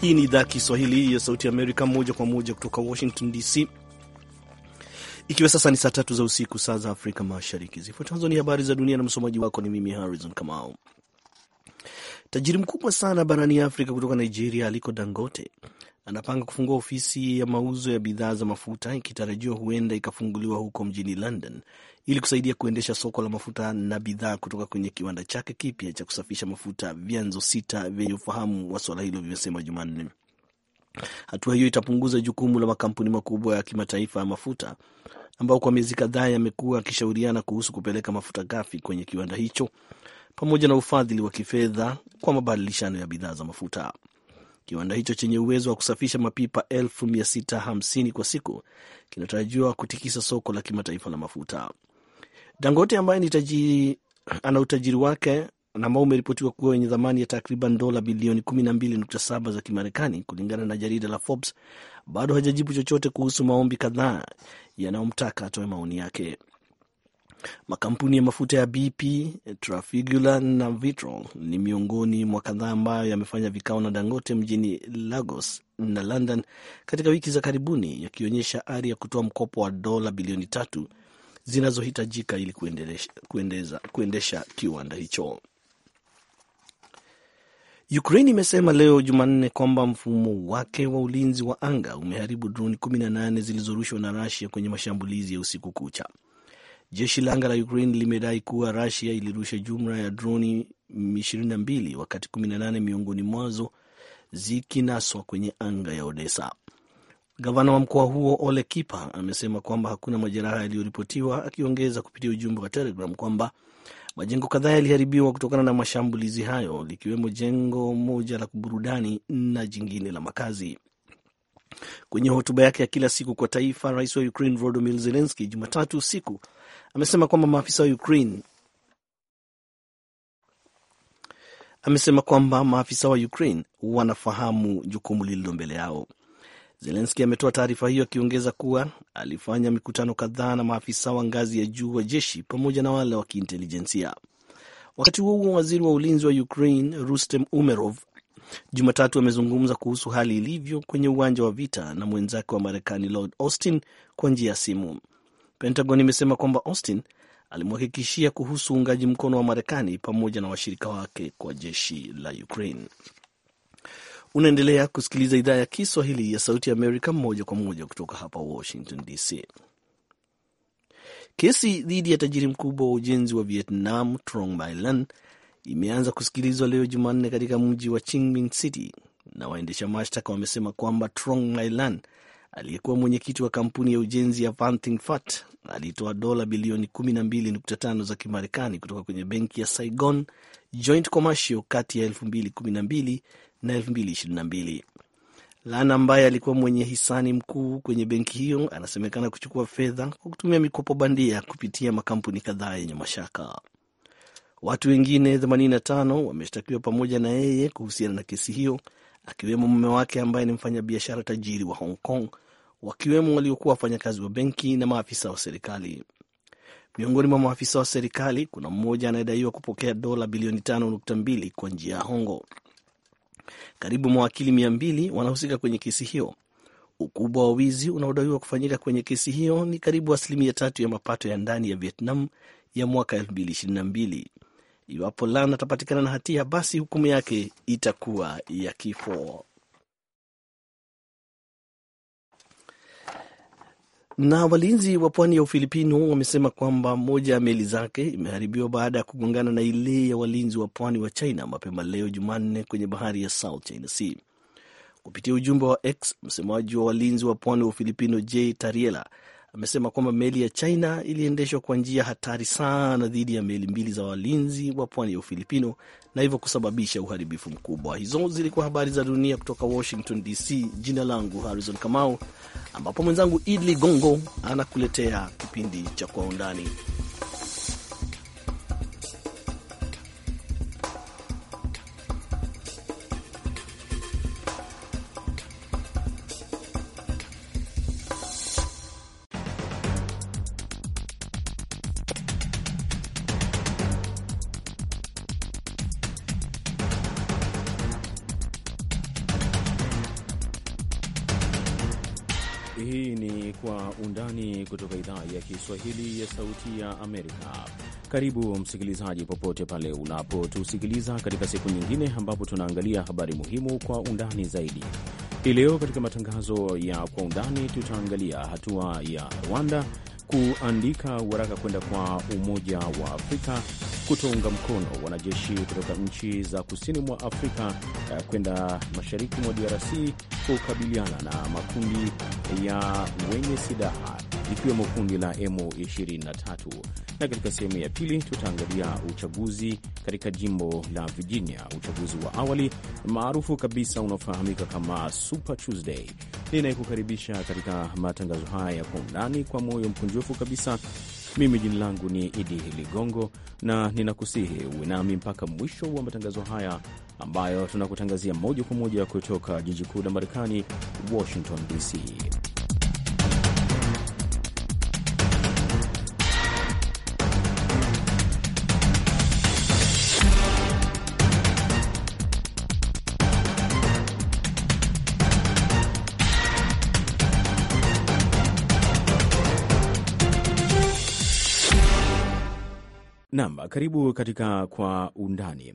Hii ni idhaa Kiswahili ya Sauti ya Amerika, moja kwa moja kutoka Washington DC, ikiwa sasa ni saa tatu za usiku, saa za Afrika Mashariki. Zifuatazo ni habari za dunia na msomaji wako ni mimi Harrison Kamau. Tajiri mkubwa sana barani Afrika kutoka Nigeria, Aliko Dangote anapanga kufungua ofisi ya mauzo ya bidhaa za mafuta ikitarajiwa huenda ikafunguliwa huko mjini London ili kusaidia kuendesha soko la mafuta na bidhaa kutoka kwenye kiwanda chake kipya cha kusafisha mafuta, vyanzo sita vyenye ufahamu wa suala hilo vimesema Jumanne. Hatua hiyo itapunguza jukumu la makampuni makubwa ya kimataifa ya mafuta ambao kwa miezi kadhaa yamekuwa akishauriana kuhusu kupeleka mafuta ghafi kwenye kiwanda hicho pamoja na ufadhili wa kifedha kwa mabadilishano ya bidhaa za mafuta. Kiwanda hicho chenye uwezo wa kusafisha mapipa 650 kwa siku kinatarajiwa kutikisa soko la kimataifa la mafuta. Dangote ambaye ni tajiri, ana utajiri wake na ambao umeripotiwa kuwa wenye thamani ya takriban dola bilioni 12.7 za Kimarekani kulingana na jarida la Forbes, bado hajajibu chochote kuhusu maombi kadhaa yanayomtaka atoe maoni yake. Makampuni ya mafuta ya BP, Trafigura na Vitro ni miongoni mwa kadhaa ambayo yamefanya vikao na Dangote mjini Lagos na London katika wiki za karibuni, yakionyesha ari ya kutoa mkopo wa dola bilioni tatu zinazohitajika ili kuendesha, kuendesha, kiwanda hicho. Ukraine imesema leo Jumanne kwamba mfumo wake wa ulinzi wa anga umeharibu droni 18 zilizorushwa na rasia kwenye mashambulizi ya usiku kucha. Jeshi la anga la Ukraine limedai kuwa rasia ilirusha jumla ya droni 22 wakati 18 miongoni mwazo zikinaswa kwenye anga ya Odessa. Gavana wa mkoa huo Ole Kipa amesema kwamba hakuna majeraha yaliyoripotiwa, akiongeza kupitia ujumbe wa Telegram kwamba majengo kadhaa yaliharibiwa kutokana na mashambulizi hayo, likiwemo jengo moja la kuburudani na jingine la makazi. Kwenye hotuba yake ya kila siku kwa taifa, rais wa Ukraine Volodymyr Zelensky Jumatatu usiku amesema kwamba maafisa wa Ukraine amesema kwamba maafisa wa Ukraine wanafahamu jukumu lililo mbele yao. Zelenski ametoa taarifa hiyo akiongeza kuwa alifanya mikutano kadhaa na maafisa wa ngazi ya juu wa jeshi pamoja na wale wa kiintelijensia. Wakati huo huo, waziri wa ulinzi wa Ukraine Rustem Umerov Jumatatu amezungumza kuhusu hali ilivyo kwenye uwanja wa vita na mwenzake wa Marekani Lord Austin kwa njia ya simu. Pentagon imesema kwamba Austin alimhakikishia kuhusu uungaji mkono wa Marekani pamoja na washirika wake kwa jeshi la Ukraine. Unaendelea kusikiliza idhaa ya Kiswahili ya Sauti ya Amerika moja kwa moja kutoka hapa Washington DC. Kesi dhidi ya tajiri mkubwa wa ujenzi wa Vietnam Trong My Lan imeanza kusikilizwa leo Jumanne katika mji wa chingmin Minh City, na waendesha mashtaka wamesema kwamba Trong My Lan aliyekuwa mwenyekiti wa kampuni ya ujenzi ya Vanting Fat alitoa dola bilioni 12.5 za Kimarekani kutoka kwenye benki ya Saigon Joint Commercial kati ya 2012 na 2022. Lana ambaye alikuwa mwenye hisani mkuu kwenye benki hiyo anasemekana kuchukua fedha kwa kutumia mikopo bandia kupitia makampuni kadhaa yenye mashaka. Watu wengine 85 wameshtakiwa pamoja na yeye kuhusiana na kesi hiyo, akiwemo mume wake ambaye ni mfanyabiashara tajiri wa Hong Kong, wakiwemo waliokuwa wafanyakazi wa benki na maafisa wa serikali. Miongoni mwa maafisa wa serikali kuna mmoja anayedaiwa kupokea dola bilioni 5.2 kwa njia ya hongo. Karibu mawakili mia mbili wanahusika kwenye kesi hiyo. Ukubwa wa wizi unaodaiwa kufanyika kwenye kesi hiyo ni karibu asilimia tatu ya mapato ya ndani ya Vietnam ya mwaka 2022. Iwapo Lan atapatikana na hatia, basi hukumu yake itakuwa ya kifo. Na walinzi wa pwani ya Ufilipino wamesema kwamba moja ya meli zake imeharibiwa baada ya kugongana na ile ya walinzi wa pwani wa China mapema leo Jumanne kwenye bahari ya South China Sea. Kupitia ujumbe wa X, msemaji wa walinzi wa pwani wa Ufilipino J Tariela amesema kwamba meli ya China iliendeshwa kwa njia hatari sana dhidi ya meli mbili za walinzi wa pwani ya Ufilipino na hivyo kusababisha uharibifu mkubwa. Hizo zilikuwa habari za dunia kutoka Washington DC. Jina langu Harrison Kamau, ambapo mwenzangu Idli Gongo anakuletea kipindi cha Kwa Undani. Kiswahili ya Sauti ya Amerika. Karibu msikilizaji, popote pale unapotusikiliza katika siku nyingine ambapo tunaangalia habari muhimu kwa undani zaidi. Hii leo katika matangazo ya kwa undani tutaangalia hatua ya Rwanda kuandika waraka kwenda kwa Umoja wa Afrika kutounga mkono wanajeshi kutoka nchi za kusini mwa Afrika eh, kwenda mashariki mwa DRC kukabiliana na makundi ya wenye silaha likiwemo kundi la M23, na katika sehemu ya pili tutaangalia uchaguzi katika jimbo la Virginia, uchaguzi wa awali maarufu kabisa unaofahamika kama Super Tuesday. Ninayekukaribisha katika matangazo haya ya kwa undani kwa moyo mkunjufu kabisa mimi jina langu ni Idi Ligongo na ninakusihi uwe nami mpaka mwisho wa matangazo haya ambayo tunakutangazia moja kwa moja kutoka jiji kuu la Marekani, Washington DC. Naam, karibu katika Kwa Undani.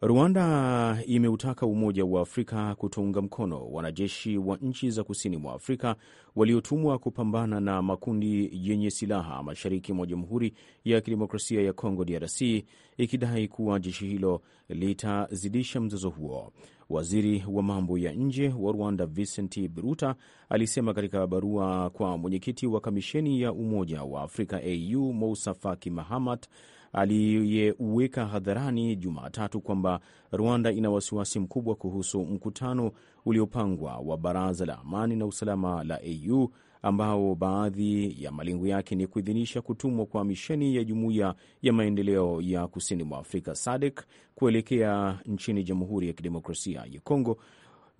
Rwanda imeutaka Umoja wa Afrika kutounga mkono wanajeshi wa nchi za kusini mwa Afrika waliotumwa kupambana na makundi yenye silaha mashariki mwa Jamhuri ya Kidemokrasia ya Kongo, DRC, ikidai kuwa jeshi hilo litazidisha mzozo huo. Waziri wa mambo ya nje wa Rwanda Vincent Biruta alisema katika barua kwa mwenyekiti wa kamisheni ya Umoja wa Afrika AU Mousa Faki Mahamat aliyeuweka hadharani Jumatatu kwamba Rwanda ina wasiwasi mkubwa kuhusu mkutano uliopangwa wa Baraza la Amani na Usalama la AU ambao baadhi ya malengo yake ni kuidhinisha kutumwa kwa misheni ya Jumuiya ya Maendeleo ya Kusini mwa Afrika SADC kuelekea nchini Jamhuri ya Kidemokrasia ya Kongo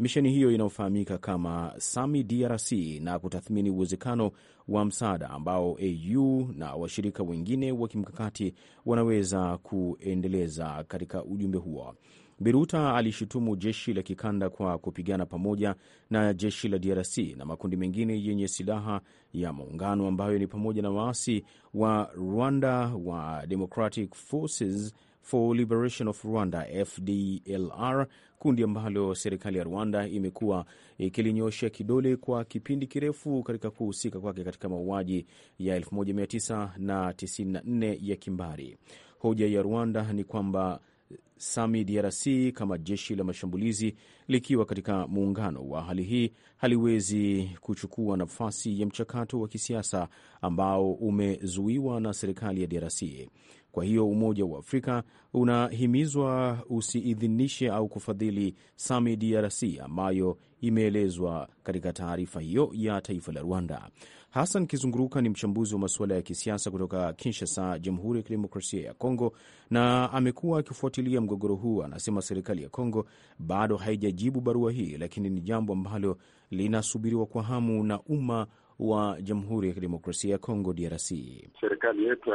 misheni hiyo inayofahamika kama SAMI DRC na kutathmini uwezekano wa msaada ambao AU na washirika wengine wa kimkakati wanaweza kuendeleza katika ujumbe huo. Biruta alishutumu jeshi la kikanda kwa kupigana pamoja na jeshi la DRC na makundi mengine yenye silaha ya muungano ambayo ni pamoja na waasi wa Rwanda wa Democratic Forces for Liberation of Rwanda FDLR, kundi ambalo serikali ya Rwanda imekuwa ikilinyosha kidole kwa kipindi kirefu katika kuhusika kwake katika mauaji ya 1994 ya kimbari. Hoja ya Rwanda ni kwamba SAMI DRC kama jeshi la mashambulizi likiwa katika muungano wa hali hii haliwezi kuchukua nafasi ya mchakato wa kisiasa ambao umezuiwa na serikali ya DRC. Kwa hiyo Umoja wa Afrika unahimizwa usiidhinishe au kufadhili SAMI DRC ambayo imeelezwa katika taarifa hiyo ya taifa la Rwanda. Hassan Kizunguruka ni mchambuzi wa masuala ya kisiasa kutoka Kinshasa, Jamhuri ya Kidemokrasia ya Kongo, na amekuwa akifuatilia mgogoro huu. Anasema serikali ya Kongo bado haijajibu barua hii, lakini ni jambo ambalo linasubiriwa kwa hamu na umma wa Jamhuri ya Kidemokrasia ya Kongo, DRC. Serikali yetu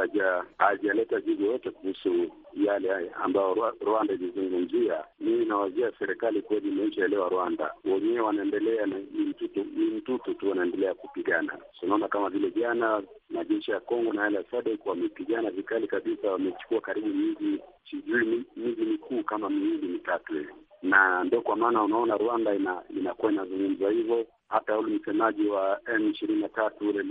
hajaleta jibu yote kuhusu yale ambayo Rwanda ilizungumzia. Mimi nawazia serikali kweli imeishaelewa Rwanda, wenyewe wanaendelea na ni mtutu, ni mtutu tu wanaendelea kupigana. Tunaona kama vile jana majeshi ya Kongo na yale ya SADC wamepigana vikali kabisa, wamechukua karibu miji sijui miji mikuu kama miwili mitatu hivi, na ndo kwa maana unaona Rwanda inakuwa ina inazungumza hivyo hata yule msemaji wa M ishirini na tatu yule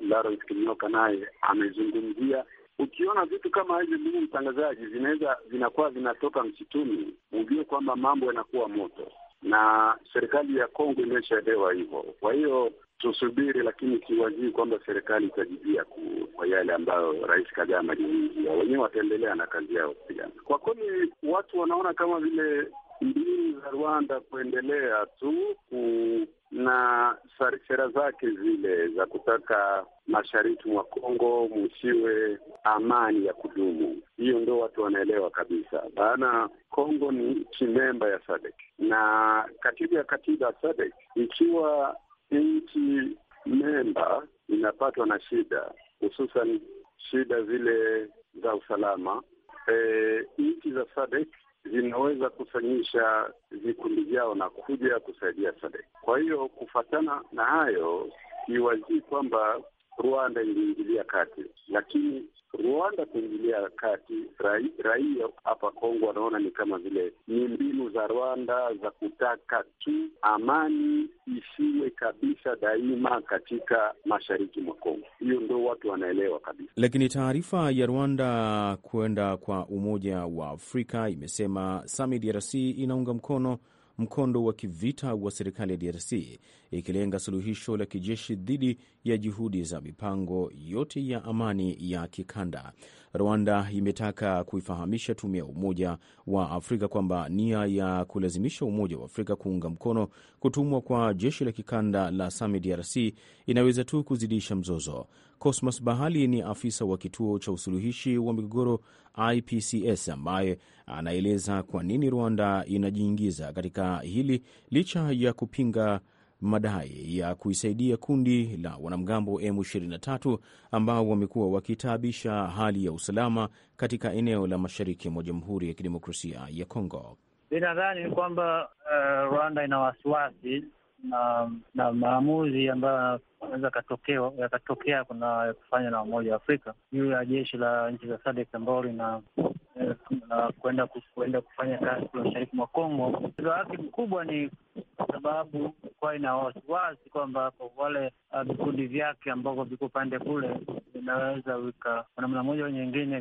Laurent Kinyoka naye amezungumzia Ukiona vitu kama hivi, ndugu mtangazaji, vinaweza vinakuwa vinatoka msituni, ujue kwamba mambo yanakuwa moto, na serikali ya Kongo imeshaelewa hivyo. Kwa hiyo tusubiri, lakini siwazii kwamba serikali itajibia kwa yale ambayo Rais Kagame aliingia. Wenyewe wataendelea na kazi yao kupigana. Kwa kweli, watu wanaona kama vile mbili za Rwanda kuendelea tu na sera zake zile za kutaka mashariki mwa Kongo musiwe amani ya kudumu. Hiyo ndo watu wanaelewa kabisa, maana Kongo ni nchi memba ya SADC na katiba ya katiba ya SADC, ikiwa nchi memba inapatwa na shida hususan shida zile za usalama, e, nchi za SADC vinaweza kusanyisha vikundi vyao na kuja kusaidia Sadek. Kwa hiyo kufatana na hayo, siwazii kwamba Rwanda iliingilia kati, lakini Rwanda kuingilia kati, raia hapa Kongo wanaona ni kama vile ni mbinu za Rwanda za kutaka tu amani isiwe kabisa daima katika mashariki mwa Kongo. Hiyo ndo watu wanaelewa kabisa. Lakini taarifa ya Rwanda kwenda kwa Umoja wa Afrika imesema samidrc DRC inaunga mkono mkondo wa kivita wa serikali ya DRC ikilenga suluhisho la kijeshi dhidi ya juhudi za mipango yote ya amani ya kikanda. Rwanda imetaka kuifahamisha tume ya Umoja wa Afrika kwamba nia ya kulazimisha Umoja wa Afrika kuunga mkono kutumwa kwa jeshi la kikanda la SAMI DRC inaweza tu kuzidisha mzozo. Cosmas Bahali ni afisa wa kituo cha usuluhishi wa migogoro IPCS ambaye anaeleza kwa nini Rwanda inajiingiza katika hili licha ya kupinga madai ya kuisaidia kundi la wanamgambo M23 ambao wamekuwa wakitaabisha hali ya usalama katika eneo la mashariki mwa Jamhuri ya Kidemokrasia ya Kongo. Ninadhani kwamba uh, Rwanda ina wasiwasi na, na maamuzi ambayo wanaweza yakatokea kuna kufanywa na Umoja wa Afrika juu ya jeshi la nchi za SADC ambao lina na kuenda kuenda kufanya kazi mashariki mwa Kongo. Mzigo wake mkubwa ni kwa sababu kuwa ina wasiwasi kwamba wale uh, vikundi vyake ambavyo viko upande kule vinaweza vika kwa namna moja au nyingine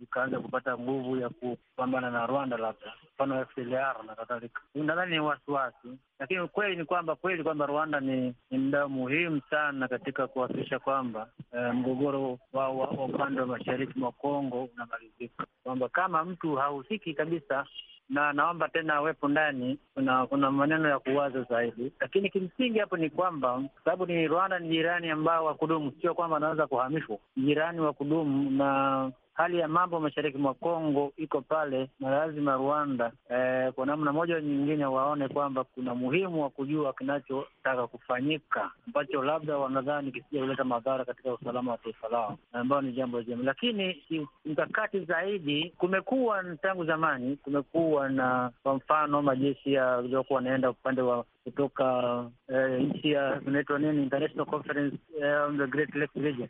vikaanza kupata nguvu ya kupambana na Rwanda, labda mfano FDLR na kadhalika. Nadhani ni wasiwasi, lakini ukweli ni kwamba kweli kwamba Rwanda ni, ni mdao muhimu sana katika kuhakikisha kwamba eh, mgogoro wa upande wa mashariki mwa Kongo unamalizika, kwamba kama mtu hahusiki kabisa na naomba tena awepo ndani. Kuna kuna maneno ya kuwaza zaidi, lakini kimsingi hapo ni kwamba sababu ni Rwanda ni jirani ambao wa kudumu, sio kwamba anaweza kuhamishwa, jirani wa kudumu na hali ya mambo mashariki mwa Kongo iko pale, na lazima Rwanda eh, kwa namna moja nyingine waone kwamba kuna muhimu wa kujua kinachotaka kufanyika ambacho labda wanadhani kisija kuleta madhara katika usalama wa taifa lao, ambayo ni jambo jema. Lakini mkakati zaidi, kumekuwa tangu zamani, kumekuwa na kwa mfano majeshi yaliyokuwa wanaenda upande wa kutoka uh, nchi ya inaitwa nini, International Conference eh, on the Great Lakes Region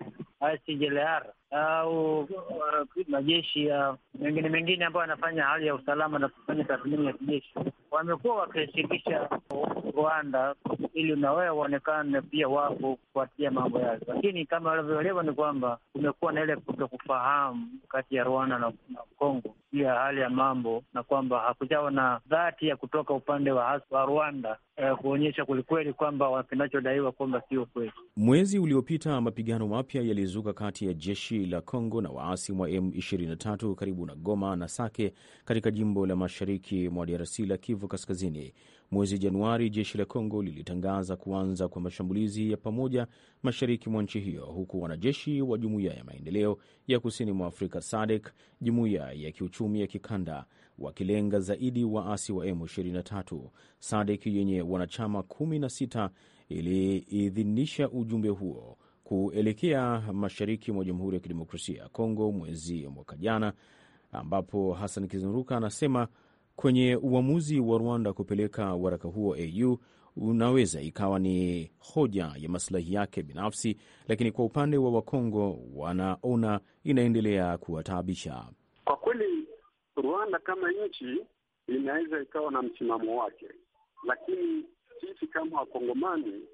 ICGLR au uh, majeshi ya mengine mengine ambayo wanafanya hali ya usalama na kufanya tathmini ya kijeshi, wamekuwa wakishirikisha Rwanda ili na wao waonekane pia wapo kufuatia mambo yao, lakini kama walivyoelewa ni kwamba kumekuwa na ile kuto kufahamu kati ya Rwanda na, na Kongo juu ya hali ya mambo, na kwamba hakujawa na dhati ya kutoka upande wa, wa Rwanda Eh, kuonyesha kwelikweli kwamba kinachodaiwa kwamba sio kweli. Mwezi uliopita mapigano mapya yalizuka kati ya jeshi la congo na waasi wa M23 karibu na Goma na Sake katika jimbo la mashariki mwa DRC la Kivu Kaskazini. Mwezi Januari, jeshi la congo lilitangaza kuanza kwa mashambulizi ya pamoja mashariki mwa nchi hiyo, huku wanajeshi wa Jumuiya ya Maendeleo ya Kusini mwa Afrika SADC, jumuiya ya kiuchumi ya kikanda wakilenga zaidi waasi wa M23. SADC yenye wanachama 16 iliidhinisha ujumbe huo kuelekea mashariki mwa Jamhuri ya Kidemokrasia ya Kongo mwezi mwaka jana, ambapo Hassan Kizinruka anasema kwenye uamuzi wa Rwanda kupeleka waraka huo au unaweza ikawa ni hoja ya maslahi yake binafsi, lakini kwa upande wa Wakongo wanaona inaendelea kuwataabisha. Kwa kweli Rwanda kama nchi inaweza ikawa na msimamo wake, lakini sisi kama Wakongomani,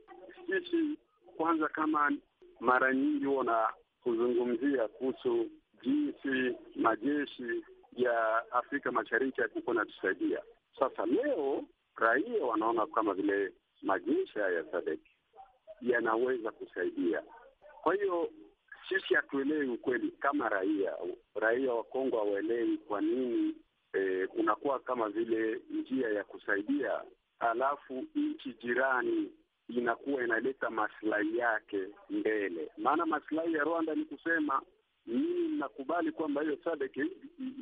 sisi kwanza, kama mara nyingi na kuzungumzia kuhusu jinsi majeshi ya Afrika Mashariki na tusaidia. Sasa leo raia wanaona kama vile majeshi haya ya SADC yanaweza kusaidia. Kwa hiyo sisi hatuelewi ukweli kama raia. Raia wa Kongo hawaelewi kwa nini e, kama vile njia ya kusaidia, alafu nchi jirani inakuwa inaleta maslahi yake mbele. Maana maslahi ya Rwanda ni kusema mimi mnakubali kwamba hiyo SADC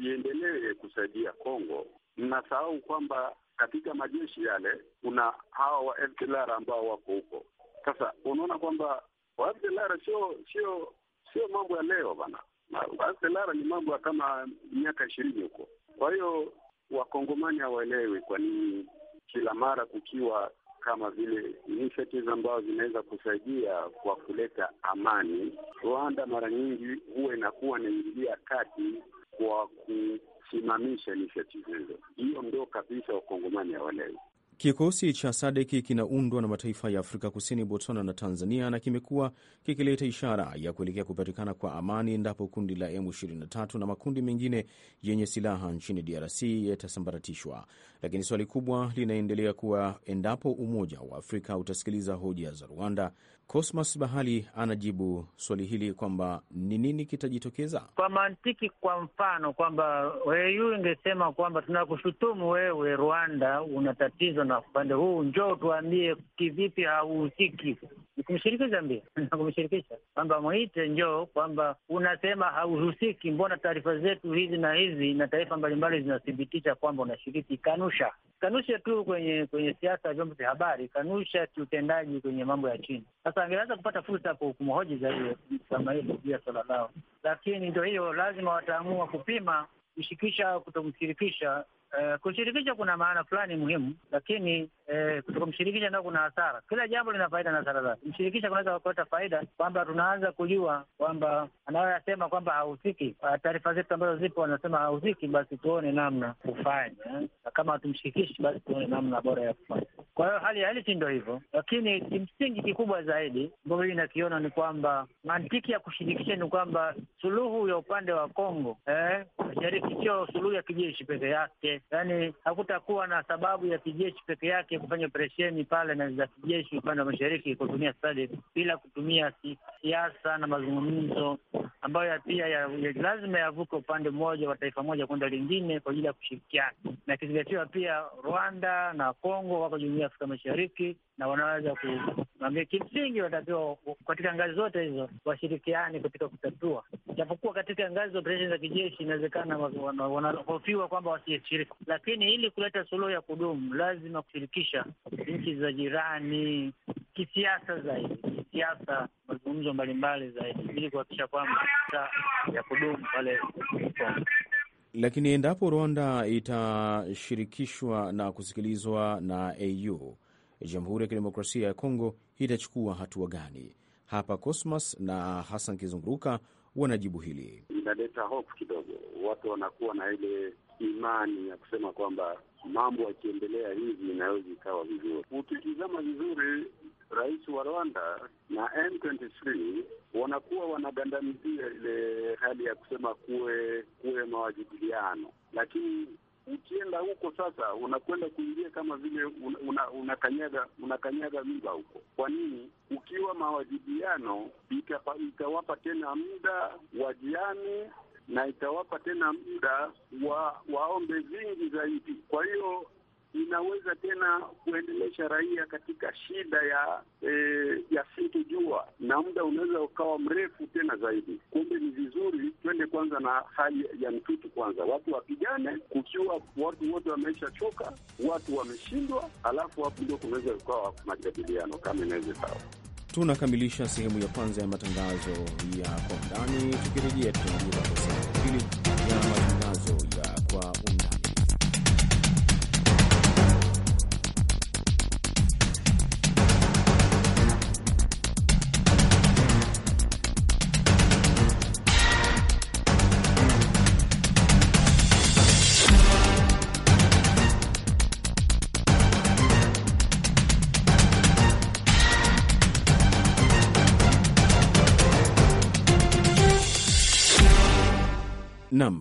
iendelee kusaidia Kongo, mnasahau kwamba katika majeshi yale kuna hawa wa FDLR ambao wako huko. Sasa unaona kwamba wa FDLR sio sio sio mambo ya leo bana. aselara ni mambo ya kama miaka ishirini huko. Kwa hiyo wakongomani hawaelewi kwa nini kila mara kukiwa kama vile initiatives ambazo zinaweza kusaidia kwa kuleta amani, Rwanda mara nyingi huwa inakuwa inaingilia kati kwa kusimamisha initiatives hizo. Hiyo ndio kabisa wakongomani hawaelewi. Kikosi cha sadeki kinaundwa na mataifa ya Afrika Kusini, Botswana na Tanzania na kimekuwa kikileta ishara ya kuelekea kupatikana kwa amani endapo kundi la M23 na makundi mengine yenye silaha nchini DRC yatasambaratishwa. Lakini swali kubwa linaendelea kuwa endapo Umoja wa Afrika utasikiliza hoja za Rwanda Cosmas Bahali anajibu swali hili kwamba ni nini kitajitokeza kwa mantiki. Kwa mfano kwamba EU ingesema kwamba tunakushutumu wewe Rwanda, una tatizo na upande huu, njoo tuambie kivipi hauhusiki ni kumshirikisha mbia hmm. na kumshirikisha kwamba mwite, njoo, kwamba unasema hauhusiki, mbona taarifa zetu hizi na hizi na taarifa mbalimbali zinathibitisha kwamba unashiriki. Kanusha, kanusha tu kwenye kwenye siasa, vyombo vya habari, kanusha kiutendaji kwenye mambo ya chini. Sasa angeweza kupata fursa ya kumhoji zaidi kama hilo juu ya swala lao, lakini ndo hiyo, lazima wataamua kupima kushirikisha au kutomshirikisha Eh, kushirikisha kuna maana fulani muhimu, lakini e, eh, kumshirikisha nao kuna hasara. Kila jambo lina faida na hasara zake. Kumshirikisha kunaweza kuleta faida kwamba tunaanza kujua kwamba anayoyasema kwamba hahusiki, ah, taarifa zetu ambazo zipo wanasema hahusiki, basi tuone namna kufanya, na kama hatumshirikishi, basi tuone namna bora ya kufanya. Kwa hiyo hali ya halisi ndo hivyo, lakini kimsingi kikubwa zaidi ambavyo hii inakiona ni kwamba mantiki ya kushirikisha ni kwamba suluhu ya upande wa Kongo eh, mashariki sio suluhu ya kijeshi peke yake yani hakutakuwa na sababu ya kijeshi peke yake kufanya operesheni pale na za kijeshi upande wa mashariki kutumia SADC bila kutumia siasa na mazungumzo ambayo pia ya, ya lazima yavuke upande mmoja wa taifa moja kwenda lingine kwa ajili ya kushirikiana, na ikizingatiwa pia Rwanda na Kongo wako jumuiya ya Afrika Mashariki na wanaweza kusimamia. Kimsingi, watakiwa katika ngazi zote hizo washirikiani katika kutatua, japokuwa katika ngazi za operesheni za kijeshi inawezekana wanahofiwa kwamba wasishiriki, lakini ili kuleta suluhu ya kudumu lazima kushirikisha nchi za jirani kisiasa zaidi, kisiasa, mazungumzo mbalimbali zaidi, ili kuhakikisha kwamba ya kudumu pale lakini endapo Rwanda itashirikishwa na kusikilizwa na AU Jamhuri ya Kidemokrasia ya Kongo itachukua hatua gani? Hapa Cosmas na Hassan Kizunguruka wanajibu hili. Inaleta hofu kidogo, watu wanakuwa na ile imani ya kusema kwamba mambo yakiendelea hivi inaweza ikawa vizuri. Ukitizama vizuri, rais wa Rwanda na M23 wanakuwa wanagandamizia ile hali ya kusema kuwe kuwe mawajibiliano, lakini ukienda huko sasa unakwenda kuingia kama vile una, unakanyaga unakanyaga mimba huko. Kwa nini? Ukiwa mawajibiano itawapa tena muda wajiani na itawapa tena muda wa waombe vingi zaidi. Kwa hiyo inaweza tena kuendelesha raia katika shida ya e, ya sintojua na muda unaweza ukawa mrefu tena zaidi. Kumbe ni vizuri twende kwanza na hali ya mtutu kwanza, watu wapigane, kukiwa watu wote wameisha choka, watu wameshindwa, alafu hapo ndio kunaweza ukawa majadiliano kama sawa. Tunakamilisha sehemu ya kwanza ya matangazo ya kwa undani, tukirejea tunaingia kwa sehemu ya pili ya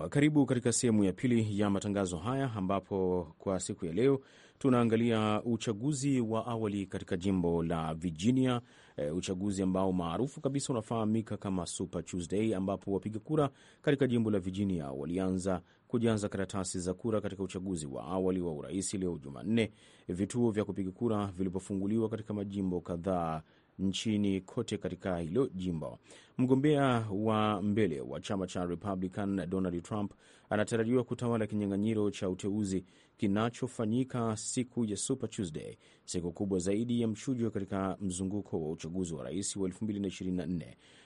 Karibu katika sehemu ya pili ya matangazo haya ambapo kwa siku ya leo tunaangalia uchaguzi wa awali katika jimbo la Virginia, e, uchaguzi ambao maarufu kabisa unafahamika kama Super Tuesday, ambapo wapiga kura katika jimbo la Virginia walianza kujaza karatasi za kura katika uchaguzi wa awali wa urais leo Jumanne, vituo vya kupiga kura vilipofunguliwa katika majimbo kadhaa nchini kote katika hilo jimbo. Mgombea wa mbele wa chama cha Republican Donald Trump anatarajiwa kutawala kinyang'anyiro cha uteuzi kinachofanyika siku ya Super Tuesday, siku kubwa zaidi ya mchujo katika mzunguko wa uchaguzi wa rais wa 2024.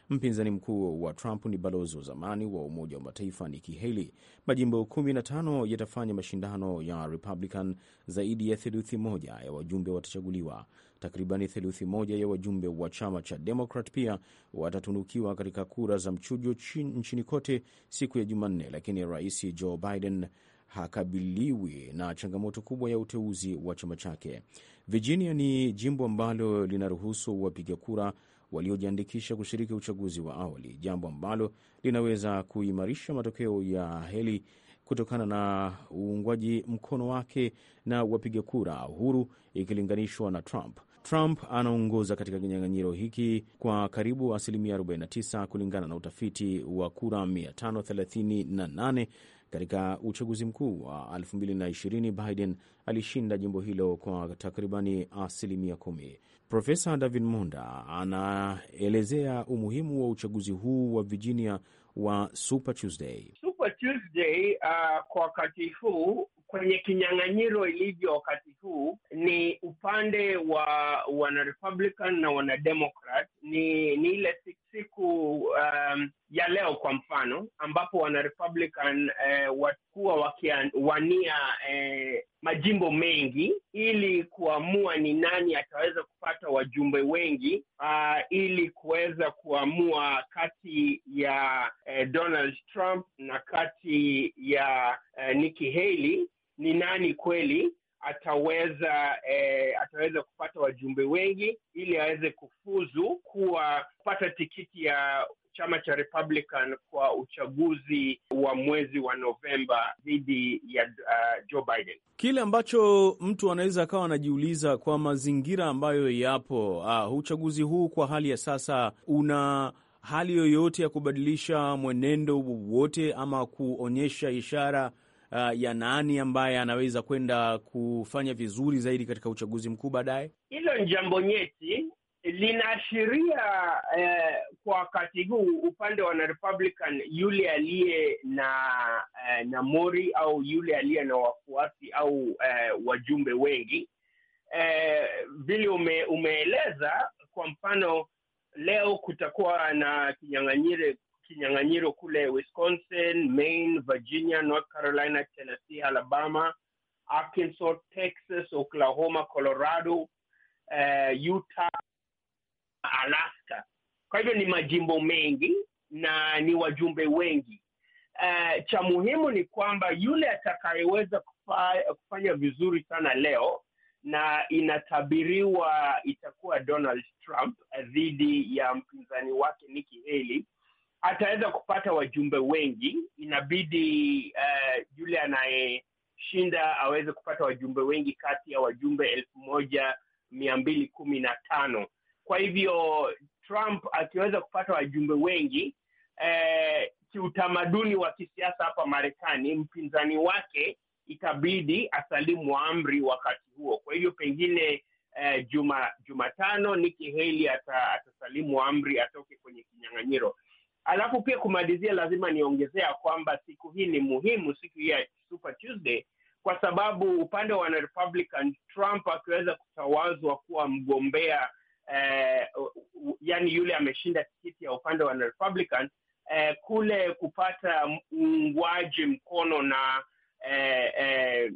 Mpinzani mkuu wa Trump ni balozi wa zamani wa Umoja wa Mataifa Nikki Haley. Majimbo 15 yatafanya mashindano ya Republican, zaidi ya theluthi moja ya wajumbe watachaguliwa. Takribani theluthi moja ya wajumbe wa chama cha Demokrat pia watatunukiwa katika kura za mchujo nchini kote siku ya Jumanne, lakini Rais Joe Biden hakabiliwi na changamoto kubwa ya uteuzi wa chama chake. Virginia ni jimbo ambalo linaruhusu wapiga kura waliojiandikisha kushiriki uchaguzi wa awali, jambo ambalo linaweza kuimarisha matokeo ya heli kutokana na uungwaji mkono wake na wapiga kura huru ikilinganishwa na Trump. Trump anaongoza katika kinyang'anyiro hiki kwa karibu asilimia 49 kulingana na utafiti wa kura 538 katika uchaguzi mkuu wa 2020 Biden alishinda jimbo hilo kwa takribani asilimia kumi. Profesa David Monda anaelezea umuhimu wa uchaguzi huu wa Virginia wa Super Tuesday. Super Tuesday uh, kwa wakati huu kwenye kinyang'anyiro ilivyo wakati huu ni upande wa wanarepublican na wanademokrat ni ni ile siku um, ya leo kwa mfano, ambapo wana eh, wakuwa wakiwania eh, majimbo mengi ili kuamua ni nani ataweza kupata wajumbe wengi uh, ili kuweza kuamua kati ya eh, Donald Trump na kati ya eh, Nikki Haley ni nani kweli ataweza eh, ataweza kupata wajumbe wengi ili aweze kufuzu kuwa kupata tikiti ya chama cha Republican kwa uchaguzi wa mwezi wa Novemba dhidi ya uh, Joe Biden. Kile ambacho mtu anaweza akawa anajiuliza kwa mazingira ambayo yapo, uh, uchaguzi huu kwa hali ya sasa una hali yoyote ya kubadilisha mwenendo wowote ama kuonyesha ishara uh, ya nani ambaye anaweza kwenda kufanya vizuri zaidi katika uchaguzi mkuu baadaye? Hilo ni jambo nyeti, linaashiria eh, kwa wakati huu upande wa Republican yule aliye na eh, na mori au yule aliye na wafuasi au eh, wajumbe wengi eh, vile eh, ume, umeeleza kwa mfano leo kutakuwa na kinyang'anyiro kinyang'anyiro kule Wisconsin, Maine, Virginia, North Carolina, Tennessee, Alabama, Arkansas, Texas, Oklahoma, Colorado, uh, Utah, Alaska. Kwa hivyo ni majimbo mengi na ni wajumbe wengi. Uh, cha muhimu ni kwamba yule atakayeweza kufa, kufanya vizuri sana leo na inatabiriwa itakuwa Donald Trump eh, dhidi ya mpinzani wake Nikki Haley ataweza kupata wajumbe wengi. Inabidi uh, yule anayeshinda aweze kupata wajumbe wengi kati ya wajumbe elfu moja mia mbili kumi na tano. Kwa hivyo Trump akiweza kupata wajumbe wengi uh, kiutamaduni wa kisiasa hapa Marekani, mpinzani wake itabidi asalimu amri wakati huo. Kwa hivyo pengine eh, Jumatano Nikki Haley atasalimu amri atoke kwenye kinyang'anyiro. Alafu pia kumalizia, lazima niongezea kwamba siku hii ni muhimu, siku hii ya Super Tuesday, kwa sababu upande wa Republican, Trump akiweza kutawazwa kuwa mgombea eh, yani yule ameshinda tikiti ya upande wa Republican eh, kule kupata uungwaji mkono na eh, eh,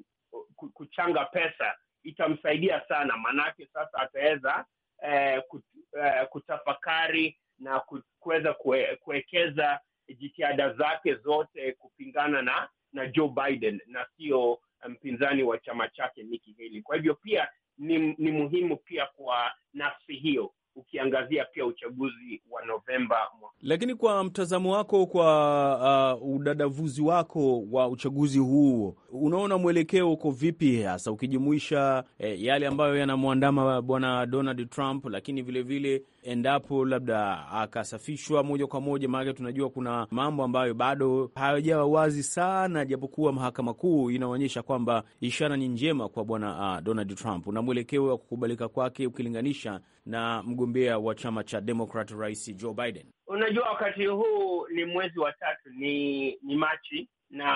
kuchanga pesa itamsaidia sana, maanake sasa ataweza eh, kut, eh, kutafakari na kuweza kuwekeza jitihada zake zote kupingana na na Joe Biden na sio eh, mpinzani wa chama chake Nikki Haley. Kwa hivyo pia ni, ni muhimu pia kwa nafsi hiyo ukiangazia pia uchaguzi wa Novemba. Lakini kwa mtazamo wako, kwa uh, udadavuzi wako wa uchaguzi huu, unaona mwelekeo uko vipi hasa ukijumuisha eh, yale ambayo yanamwandama bwana Donald Trump, lakini vilevile vile, endapo labda akasafishwa moja kwa moja, maanake tunajua kuna mambo ambayo bado hayajawa wazi sana, japokuwa mahakama kuu inaonyesha kwamba ishara ni njema kwa bwana uh, Donald Trump na mwelekeo wa kukubalika kwake ukilinganisha na mgo mgombea wa chama cha Democrat Rais Joe Biden? Unajua, wakati huu ni mwezi wa tatu, ni ni Machi, na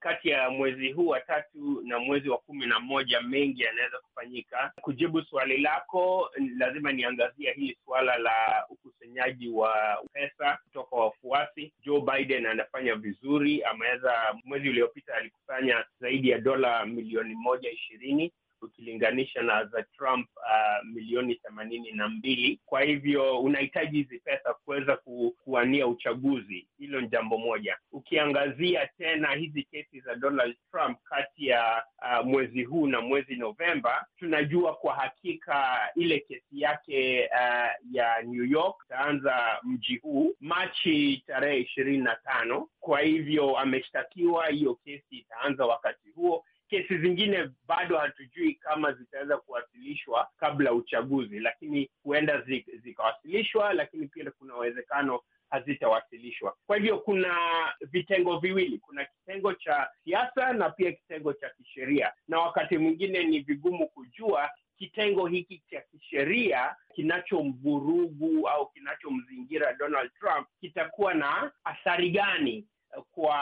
kati ya mwezi huu wa tatu na mwezi wa kumi na moja mengi yanaweza kufanyika. Kujibu swali lako, lazima niangazia hili suala la ukusanyaji wa pesa kutoka wafuasi. Joe Biden anafanya vizuri, ameweza, mwezi uliopita alikusanya zaidi ya dola milioni moja ishirini ukilinganisha na za Trump uh, milioni themanini na mbili. Kwa hivyo unahitaji hizi pesa kuweza ku, kuwania uchaguzi. Hilo ni jambo moja. Ukiangazia tena hizi kesi za Donald Trump kati ya uh, mwezi huu na mwezi Novemba, tunajua kwa hakika ile kesi yake uh, ya New York itaanza mji huu Machi tarehe ishirini na tano. Kwa hivyo ameshtakiwa, hiyo kesi itaanza wakati huo kesi zingine bado hatujui kama zitaweza kuwasilishwa kabla uchaguzi, lakini huenda zikawasilishwa, lakini pia kuna uwezekano hazitawasilishwa. Kwa hivyo kuna vitengo viwili, kuna kitengo cha siasa na pia kitengo cha kisheria, na wakati mwingine ni vigumu kujua kitengo hiki cha kisheria kinachomvurugu au kinachomzingira Donald Trump kitakuwa na athari gani kwa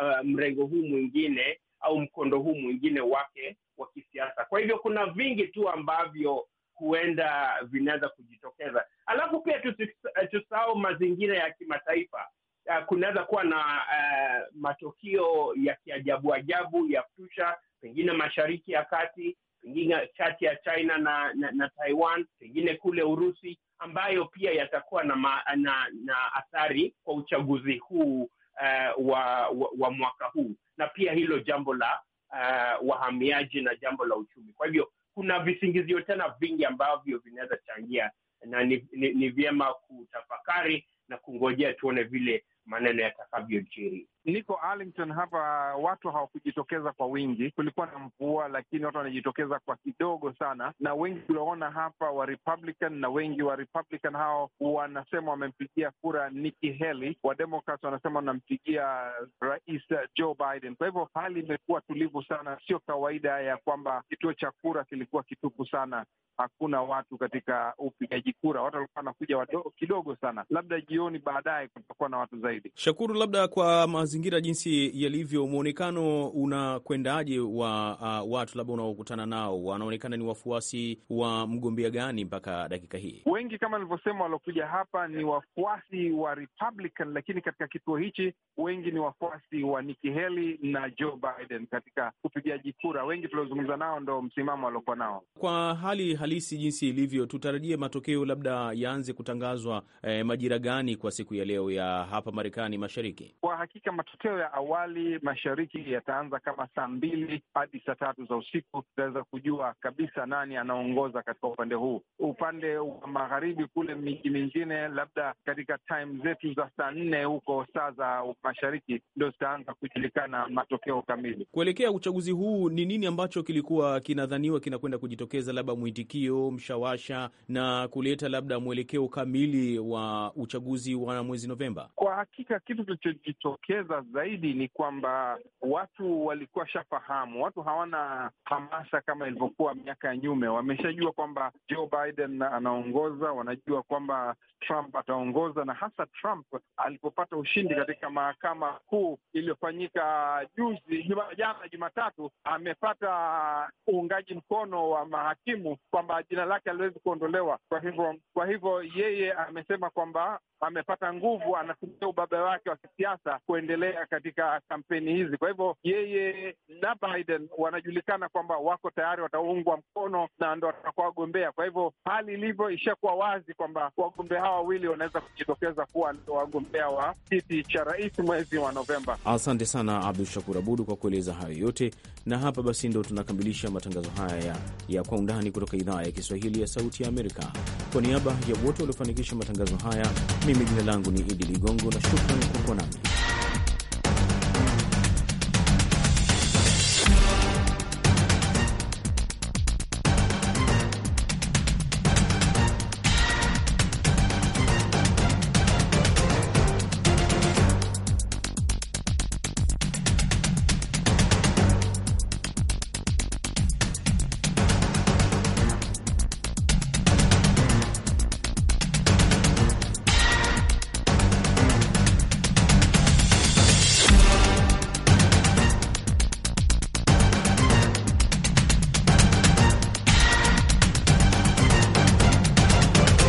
uh, mrengo huu mwingine au mkondo huu mwingine wake wa kisiasa. Kwa hivyo kuna vingi tu ambavyo huenda vinaweza kujitokeza, alafu pia eh, tusahau mazingira ya kimataifa. Uh, kunaweza kuwa na uh, matukio ya kiajabu ajabu ya kutusha, pengine mashariki ya kati, pengine kati ya China na, na, na Taiwan, pengine kule Urusi, ambayo pia yatakuwa na, na, na athari kwa uchaguzi huu uh, wa, wa, wa mwaka huu na pia hilo jambo la uh, wahamiaji na jambo la uchumi. Kwa hivyo kuna visingizio tena vingi ambavyo vinaweza changia, na ni, ni, ni vyema kutafakari na kungojea tuone vile maneno yatakavyojiri. Niko Arlington hapa, watu hawakujitokeza kwa wingi, kulikuwa na mvua, lakini watu wanajitokeza kwa kidogo sana, na wengi tulioona hapa wa Republican, na wengi wa Republican hao wanasema wamempigia kura Nikki Haley, wa Democrats wanasema wanampigia Rais Joe Biden. Kwa hivyo hali imekuwa tulivu sana, sio kawaida ya kwamba kituo cha kura kilikuwa kitupu sana hakuna watu katika upigaji kura, watu walikuwa wanakuja kidogo sana. Labda jioni baadaye kutakuwa na watu zaidi. Shakuru, labda kwa mazingira jinsi yalivyo, mwonekano unakwendaje wa uh, watu labda unaokutana nao wanaonekana ni wafuasi wa mgombea gani mpaka dakika hii? Wengi kama nilivyosema, waliokuja hapa ni wafuasi wa Republican, lakini katika kituo hichi wengi ni wafuasi wa Nikki Haley na Joe Biden. Katika upigaji kura, wengi tuliozungumza nao ndo msimamo waliokuwa nao. Kwa hali halisi jinsi ilivyo, tutarajie matokeo labda yaanze kutangazwa eh, majira gani kwa siku ya leo ya hapa Marekani Mashariki? Kwa hakika matokeo ya awali mashariki yataanza kama saa mbili hadi saa tatu za usiku, tutaweza kujua kabisa nani anaongoza katika upande huu. Upande wa magharibi kule miji mingine, labda katika time zetu za saa nne huko saa za mashariki, ndo zitaanza kujulikana matokeo kamili kuelekea uchaguzi huu. Ni nini ambacho kilikuwa kinadhaniwa kinakwenda kujitokeza, labda mwitikio, mshawasha na kuleta labda mwelekeo kamili wa uchaguzi wa mwezi Novemba? Kwa hakika kitu kilichojitokeza kushangaza zaidi ni kwamba watu walikuwa shafahamu, watu hawana hamasa kama ilivyokuwa miaka ya nyume. Wameshajua kwamba Joe Biden anaongoza, wanajua kwamba Trump ataongoza, na hasa Trump alipopata ushindi katika mahakama kuu iliyofanyika juzi jana Jumatatu, amepata uungaji mkono wa mahakimu kwamba jina lake aliwezi kuondolewa. Kwa hivyo, kwa hivyo yeye amesema kwamba amepata nguvu, anatumia ubaba wake wa kisiasa kuendelea katika kampeni hizi. Kwa hivyo yeye na Biden wanajulikana kwamba wako tayari, wataungwa mkono na ndo watakuwa wagombea. Kwa hivyo hali ilivyo ishakuwa wazi kwamba wagombea hawa wawili wanaweza kujitokeza kuwa ndo wagombea wa kiti cha rais mwezi wa Novemba. Asante sana Abdu Shakur Abudu kwa kueleza hayo yote, na hapa basi ndo tunakamilisha matangazo haya ya Kwa Undani kutoka idhaa ya Kiswahili ya Sauti ya Amerika. Kwa niaba ya wote waliofanikisha matangazo haya, mimi jina langu ni Idi Ligongo na shukran kwa kuwa nami.